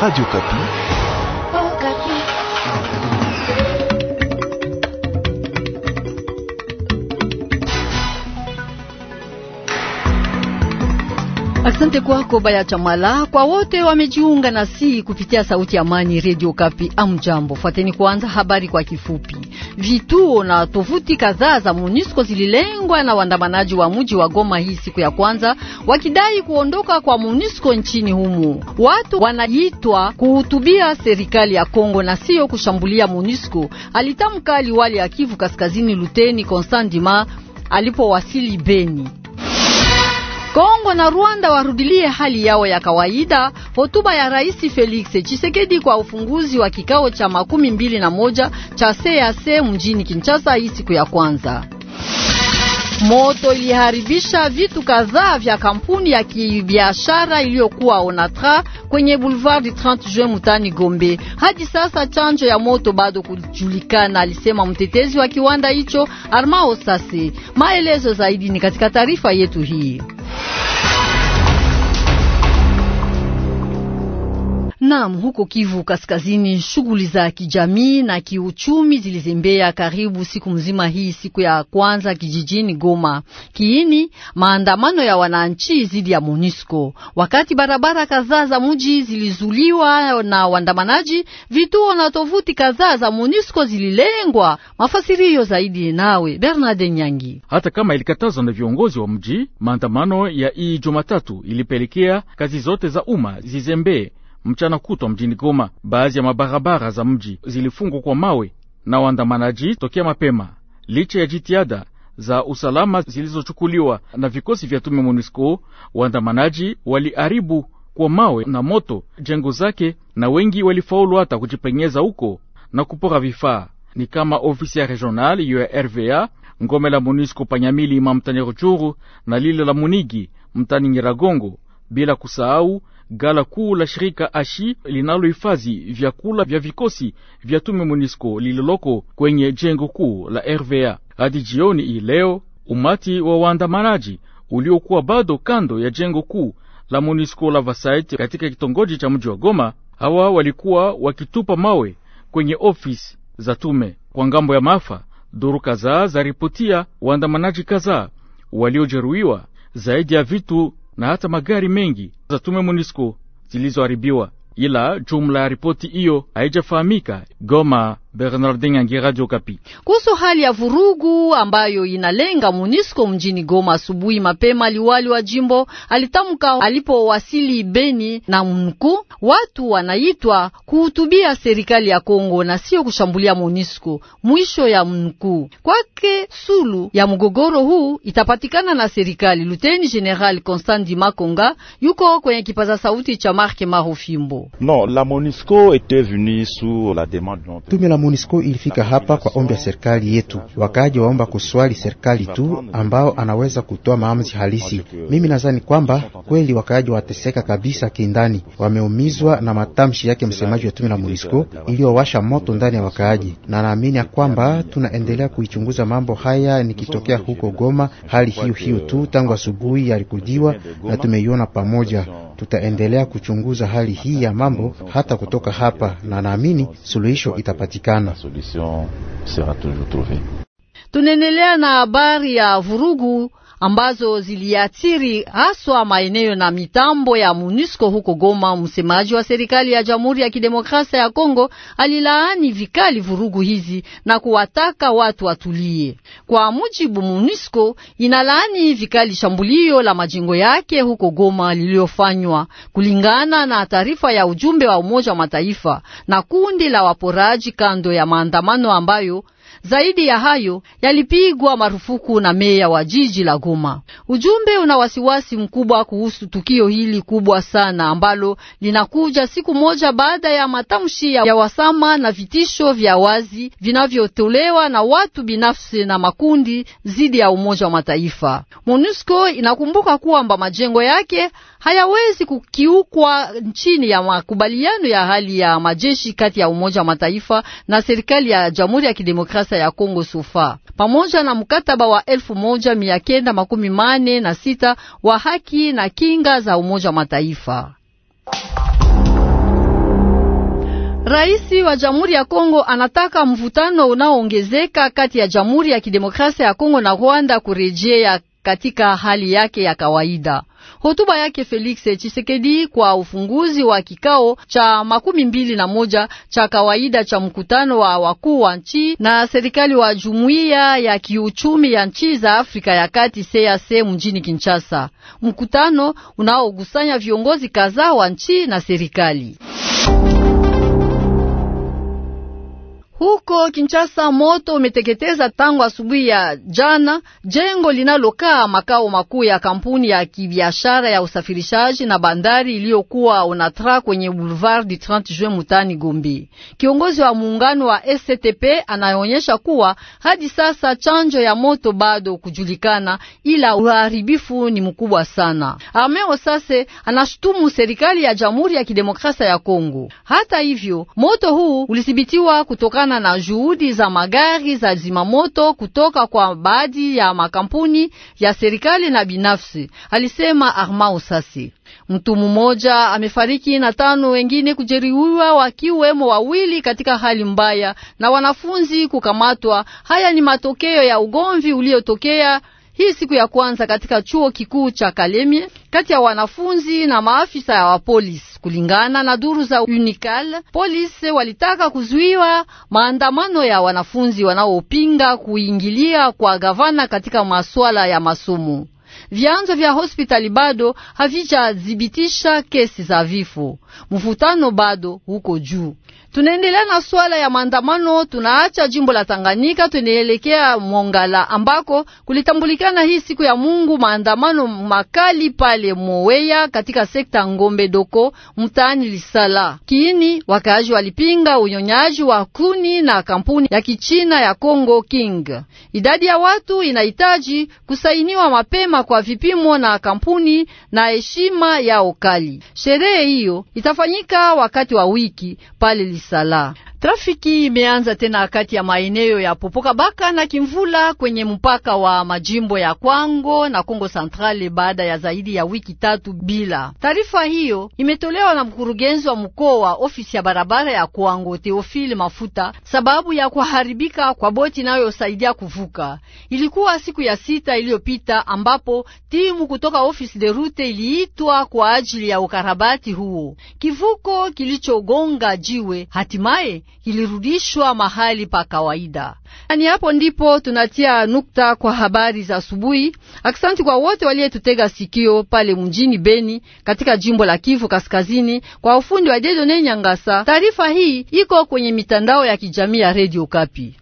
Radio Kapi. Asante kwako Baya Chamala, kwa wote wamejiunga na si kupitia sauti ya amani redio Kapi. Amjambo, fuateni kwanza habari kwa kifupi. Vituo na tovuti kadhaa za MONUSCO zililengwa na waandamanaji wa mji wa Goma hii siku ya kwanza, wakidai kuondoka kwa MONUSCO nchini humo. Watu wanaitwa kuhutubia serikali ya Kongo na sio kushambulia MONUSCO, alitamka liwali ya Kivu Kaskazini Luteni Constant Dima alipowasili Beni. Kongo na Rwanda warudilie hali yao ya kawaida. Hotuba ya Rais Felix Tshisekedi kwa ufunguzi wa kikao cha makumi mbili na moja cha CAC mjini Kinshasa hii siku ya kwanza. Moto iliharibisha vitu kadhaa vya kampuni ya kibiashara iliyokuwa Onatra kwenye Boulevard 30 Juin mutani Gombe. Hadi sasa chanjo ya moto bado kujulikana, alisema mtetezi wa kiwanda hicho Armao Sase. Maelezo zaidi ni katika taarifa yetu hii. Gracias. Naam, huko Kivu Kaskazini, shughuli za kijamii na kiuchumi zilizembea karibu siku mzima hii siku ya kwanza kijijini Goma. Kiini maandamano ya wananchi dhidi ya MONUSCO. Wakati barabara kadhaa za mji zilizuliwa na waandamanaji, vituo na tovuti kadhaa za MONUSCO zililengwa. Mafasirio zaidi nawe Bernard Nyangi. Hata kama ilikatazwa na viongozi wa mji, maandamano ya hii Jumatatu ilipelekea kazi zote za umma zizembee mchana kutwa mjini Goma. Baadhi ya mabarabara za mji zilifungwa kwa mawe na waandamanaji tokea mapema, licha ya jitihada za usalama zilizochukuliwa na vikosi vya tume MONUSCO. Waandamanaji waliharibu kwa mawe na moto jengo zake, na wengi walifaulu hata kujipenyeza huko na kupora vifaa ni kama ofisi ya regional ya RVA, ngome la MONUSCO Panyamili, Imam ruchuru na lile la Munigi mtani Nyiragongo, bila kusahau Gala kuu la shirika Ashi linalohifadhi vyakula vya vikosi vya tume MONUSCO lililoko kwenye jengo kuu la RVA. Hadi jioni hii leo, umati wa waandamanaji uliokuwa bado kando ya jengo kuu la MONUSCO la Vasait katika kitongoji cha mji wa Goma, hawa walikuwa wakitupa mawe kwenye ofisi za tume. Kwa ngambo ya maafa, duru kadhaa ripotia waandamanaji kadhaa waliojeruhiwa, zaidi ya vitu na hata magari mengi za tume MONUSCO zilizoharibiwa, ila jumla ya ripoti hiyo haijafahamika. Goma, Bernardin Kuhusu hali ya vurugu ambayo inalenga Munisco mjini Goma, asubuhi mapema, liwali wa jimbo alitamka alipowasili Beni na mkuu, watu wanaitwa kuhutubia serikali ya Kongo na sio kushambulia Munisco. Mwisho ya mkuu kwake, sulu ya mgogoro huu itapatikana na serikali. Luteni General Constant makonga yuko kwenye kipaza sauti cha Mark Marofimbo. No, la Monisco était venue sur la demande MONUSCO ilifika hapa kwa ombi ya serikali yetu. Wakaji waomba kuswali serikali tu ambao anaweza kutoa maamuzi halisi. Mimi nadhani kwamba kweli wakaaji wateseka kabisa kindani, wameumizwa na matamshi yake msemaji wa tume la MONUSCO iliyowasha moto ndani ya wakaaji, na naamini ya kwamba tunaendelea kuichunguza mambo haya. Nikitokea huko Goma, hali hiyo hiyo tu tangu asubuhi yalikujiwa na tumeiona pamoja tutaendelea kuchunguza hali hii ya mambo hata kutoka hapa, na naamini suluhisho itapatikana. Tunaendelea na habari ya vurugu ambazo ziliathiri haswa maeneo na mitambo ya MONUSCO huko Goma. Msemaji wa serikali ya Jamhuri ya Kidemokrasia ya Kongo alilaani vikali vurugu hizi na kuwataka watu watulie. Kwa mujibu, MONUSCO inalaani vikali shambulio la majengo yake huko Goma lililofanywa kulingana na taarifa ya ujumbe wa Umoja wa Mataifa na kundi la waporaji kando ya maandamano ambayo zaidi ya hayo yalipigwa marufuku na meya wa jiji la Goma. Ujumbe una wasiwasi mkubwa kuhusu tukio hili kubwa sana ambalo linakuja siku moja baada ya matamshi ya wasama na vitisho vya wazi vinavyotolewa na watu binafsi na makundi dhidi ya Umoja wa Mataifa. MONUSCO inakumbuka kwamba majengo yake hayawezi kukiukwa chini ya makubaliano ya hali ya majeshi kati ya Umoja wa Mataifa na serikali ya Jamhuri ya Kidemokrasia kisiasa ya Kongo Sufa pamoja na mkataba wa elfu moja mia kenda makumi mane na sita wa haki na kinga za Umoja wa Mataifa. Raisi wa Jamhuri ya Kongo anataka mvutano unaoongezeka kati ya Jamhuri ya Kidemokrasia ya Kongo na Rwanda kurejea katika hali yake ya kawaida. Hotuba yake Felix Tshisekedi kwa ufunguzi wa kikao cha makumi mbili na moja cha kawaida cha mkutano wa wakuu wa nchi na serikali wa Jumuiya ya Kiuchumi ya Nchi za Afrika ya Kati CEEAC mjini Kinshasa, mkutano unaokusanya viongozi kadhaa wa nchi na serikali. Huko Kinshasa moto umeteketeza tangu asubuhi ya jana jengo linalokaa makao makuu ya kampuni ya kibiashara ya usafirishaji na bandari iliyokuwa Onatra kwenye Boulevard du 30 Juin Mutani Gombe. Kiongozi wa muungano wa STP anaonyesha kuwa hadi sasa chanjo ya moto bado kujulikana, ila uharibifu ni mkubwa sana. Ameo osase anashutumu serikali ya Jamhuri ya Kidemokrasia ya Kongo. Hata hivyo, moto huu ulithibitiwa kutoka kutokana na juhudi za magari za zimamoto kutoka kwa baadhi ya makampuni ya serikali na binafsi, alisema armau Sasi. Mtu mmoja amefariki na tano wengine kujeruhiwa, wakiwemo wawili katika hali mbaya na wanafunzi kukamatwa. Haya ni matokeo ya ugomvi uliotokea hii siku ya kwanza katika chuo kikuu cha Kalemie kati ya wanafunzi na maafisa ya polisi. Kulingana na duru za Unical, polisi walitaka kuzuiwa maandamano ya wanafunzi wanaopinga kuingilia kwa gavana katika masuala ya masomo. Vyanzo vya hospitali bado havijathibitisha kesi za vifo. Mvutano bado huko juu. Tunaendelea na swala ya maandamano, tunaacha jimbo la Tanganyika, tunaelekea Mongala ambako kulitambulikana hii siku ya Mungu maandamano makali pale Moweya katika sekta Ngombe Doko mtaani Lisala. Kiini, wakaaji walipinga unyonyaji wa kuni na kampuni ya Kichina ya Congo King. Idadi ya watu inahitaji kusainiwa mapema kwa vipimo na kampuni na heshima ya kali. Sherehe hiyo itafanyika wakati wa wiki pale Lisala. 撒拉。Trafiki imeanza tena kati ya maeneo ya Popoka Baka na Kimvula kwenye mpaka wa majimbo ya Kwango na Kongo Centrale baada ya zaidi ya wiki tatu bila. Taarifa hiyo imetolewa na mkurugenzi wa mkoa ofisi ya barabara ya Kwango Theophile Mafuta sababu ya kuharibika kwa boti inayosaidia kuvuka. Ilikuwa siku ya sita iliyopita ambapo timu kutoka ofisi de route iliitwa kwa ajili ya ukarabati huo. Kivuko kilichogonga jiwe hatimaye ilirudishwa mahali pa kawaida. ni yaani hapo ndipo tunatia nukta kwa habari za asubuhi. Aksanti kwa wote waliyetutega sikio pale mjini Beni katika jimbo la Kivu Kaskazini, kwa ufundi wa Dedone Nyangasa. Taarifa hii iko kwenye mitandao ya kijamii ya redio Kapi.